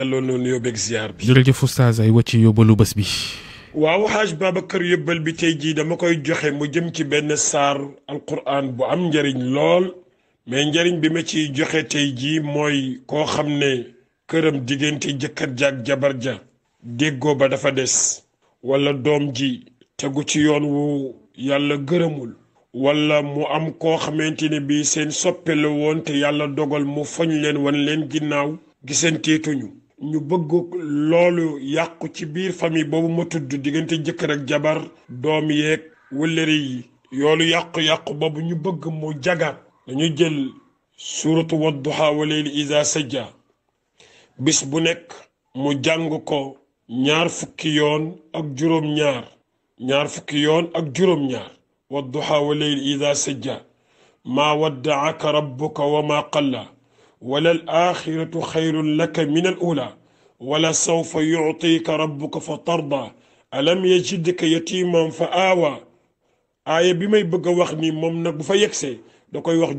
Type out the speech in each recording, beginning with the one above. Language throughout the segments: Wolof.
delloo noonu yóbbeeg ziar bi. jërëjëf oustaz ay wàcc yóbbalu bés bi. waaw xaaj Babacar yóbbal bi tey jii dama koy joxe mu jëm ci benn saar alquran bu am njariñ lool mais njariñ bi ma ciy joxe tey ji mooy koo xam ne këram diggante jëkkër ja ak jabar ja déggoo ba dafa des wala doom ji tegu ci yoon wu yàlla gërëmul walla mu am koo xamante ne bii seen soppe la te yàlla dogal mu foñ leen wan leen ginnaaw gisanteetuñu ñu bëgg loolu yàqu ci biir famille boobu ma tudd diggante jëkkër ak jabar doom yeeg wëllëri yi yoolu yàqu-yàqu boobu ñu bëgg mu jagaat dañu jël suuratu wadduha wa leyli iza sajja bis bu nekk mu jàng ko ñaar fukki yoon ak juróom-ñaar ñaar fukki yoon ak juróom-ñaar wadduha wa leyli iza rabbuka wa maa qalla وللآخرة خير لك من الأولى ولسوف يعطيك ربك فترضى ألم يجدك يتيما فآوى آية بما يبقى وخني ممنا بفا يكسي دكو يوخ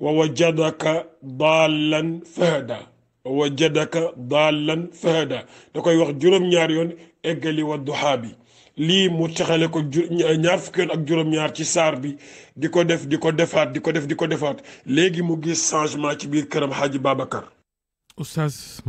ووجدك ضالا فهدا wajadaka daalan fahada da koy wax juróom-ñaar yoon eggali wa duhaa bi lii mu texale ko ñaar fukki yoon ak juróom-ñaar ci saar bi di ko def di ko defaat di ko def di ko defaat léegi mu gis changement ci biir këram Xaaji Babacar. Oustaz